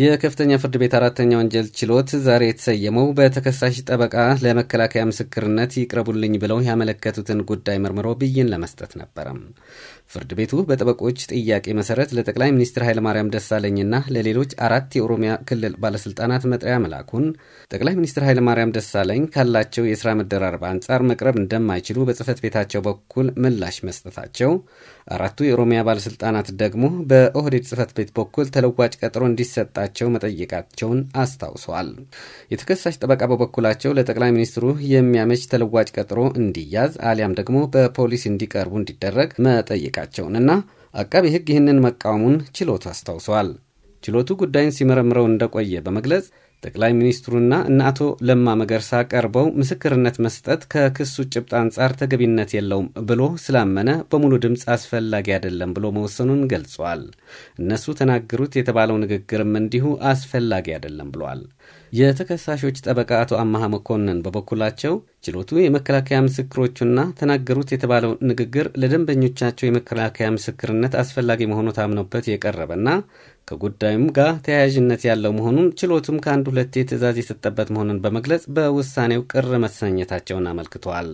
የከፍተኛ ፍርድ ቤት አራተኛ ወንጀል ችሎት ዛሬ የተሰየመው በተከሳሽ ጠበቃ ለመከላከያ ምስክርነት ይቅረቡልኝ ብለው ያመለከቱትን ጉዳይ መርምሮ ብይን ለመስጠት ነበረም። ፍርድ ቤቱ በጠበቆች ጥያቄ መሰረት ለጠቅላይ ሚኒስትር ኃይለማርያም ደሳለኝና ለሌሎች አራት የኦሮሚያ ክልል ባለስልጣናት መጥሪያ መላኩን፣ ጠቅላይ ሚኒስትር ኃይለማርያም ደሳለኝ ካላቸው የስራ መደራረብ አንጻር መቅረብ እንደማይችሉ በጽህፈት ቤታቸው በኩል ምላሽ መስጠታቸው፣ አራቱ የኦሮሚያ ባለስልጣናት ደግሞ በኦህዴድ ጽህፈት ቤት በኩል ተለዋጭ ቀጠሮ እንዲሰጣ እንዲሰጣቸው መጠየቃቸውን አስታውሰዋል። የተከሳሽ ጠበቃ በበኩላቸው ለጠቅላይ ሚኒስትሩ የሚያመች ተለዋጭ ቀጠሮ እንዲያዝ አሊያም ደግሞ በፖሊስ እንዲቀርቡ እንዲደረግ መጠየቃቸውንና አቃቢ ሕግ ይህንን መቃወሙን ችሎቱ አስታውሰዋል። ችሎቱ ጉዳይን ሲመረምረው እንደቆየ በመግለጽ ጠቅላይ ሚኒስትሩና እነ አቶ ለማ መገርሳ ቀርበው ምስክርነት መስጠት ከክሱ ጭብጥ አንጻር ተገቢነት የለውም ብሎ ስላመነ በሙሉ ድምፅ አስፈላጊ አይደለም ብሎ መወሰኑን ገልጿል። እነሱ ተናገሩት የተባለው ንግግርም እንዲሁ አስፈላጊ አይደለም ብሏል። የተከሳሾች ጠበቃ አቶ አማሃ መኮንን በበኩላቸው ችሎቱ የመከላከያ ምስክሮቹና ተናገሩት የተባለው ንግግር ለደንበኞቻቸው የመከላከያ ምስክርነት አስፈላጊ መሆኑ ታምኖበት የቀረበና ከጉዳዩም ጋር ተያያዥነት ያለው መሆኑን ችሎቱም ከአንድ ሁለቴ ትዕዛዝ የሰጠበት መሆኑን በመግለጽ በውሳኔው ቅር መሰኘታቸውን አመልክተዋል።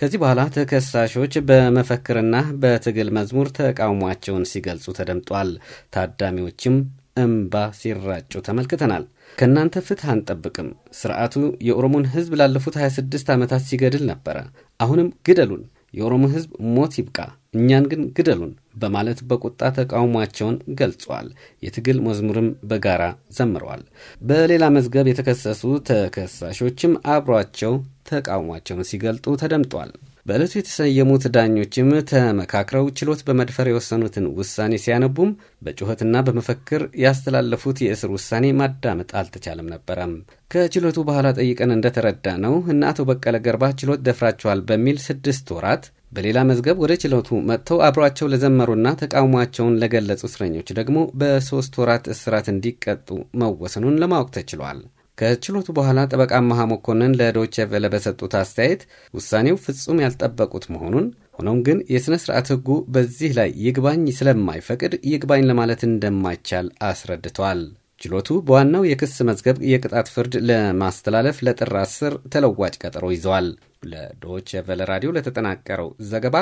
ከዚህ በኋላ ተከሳሾች በመፈክርና በትግል መዝሙር ተቃውሟቸውን ሲገልጹ ተደምጧል። ታዳሚዎችም እምባ ሲራጩ ተመልክተናል። ከእናንተ ፍትህ አንጠብቅም። ስርዓቱ የኦሮሞን ህዝብ ላለፉት 26 ዓመታት ሲገድል ነበረ። አሁንም ግደሉን፣ የኦሮሞ ህዝብ ሞት ይብቃ፣ እኛን ግን ግደሉን በማለት በቁጣ ተቃውሟቸውን ገልጿል። የትግል መዝሙርም በጋራ ዘምረዋል። በሌላ መዝገብ የተከሰሱ ተከሳሾችም አብሯቸው ተቃውሟቸውን ሲገልጡ ተደምጧል። በዕለቱ የተሰየሙት ዳኞችም ተመካክረው ችሎት በመድፈር የወሰኑትን ውሳኔ ሲያነቡም በጩኸትና በመፈክር ያስተላለፉት የእስር ውሳኔ ማዳመጥ አልተቻለም ነበረም። ከችሎቱ በኋላ ጠይቀን እንደተረዳ ነው እነ አቶ በቀለ ገርባ ችሎት ደፍራቸዋል በሚል ስድስት ወራት በሌላ መዝገብ ወደ ችሎቱ መጥተው አብሯቸው ለዘመሩና ተቃውሟቸውን ለገለጹ እስረኞች ደግሞ በሶስት ወራት እስራት እንዲቀጡ መወሰኑን ለማወቅ ተችሏል። ከችሎቱ በኋላ ጠበቃ መሃ መኮንን ለዶቼ ቬለ በሰጡት አስተያየት ውሳኔው ፍጹም ያልጠበቁት መሆኑን ሆኖም ግን የሥነ ሥርዓት ሕጉ በዚህ ላይ ይግባኝ ስለማይፈቅድ ይግባኝ ለማለት እንደማይቻል አስረድቷል። ችሎቱ በዋናው የክስ መዝገብ የቅጣት ፍርድ ለማስተላለፍ ለጥር አስር ተለዋጭ ቀጠሮ ይዘዋል። ለዶቼ ቬለ ራዲዮ ለተጠናቀረው ዘገባ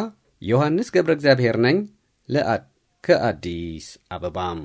ዮሐንስ ገብረ እግዚአብሔር ነኝ ለአ ከአዲስ አበባም